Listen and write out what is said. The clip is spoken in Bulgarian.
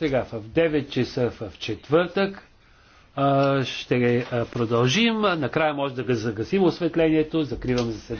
Сега в 9 часа в четвъртък ще продължим. Накрая може да загасим осветлението. Закривам заседанието.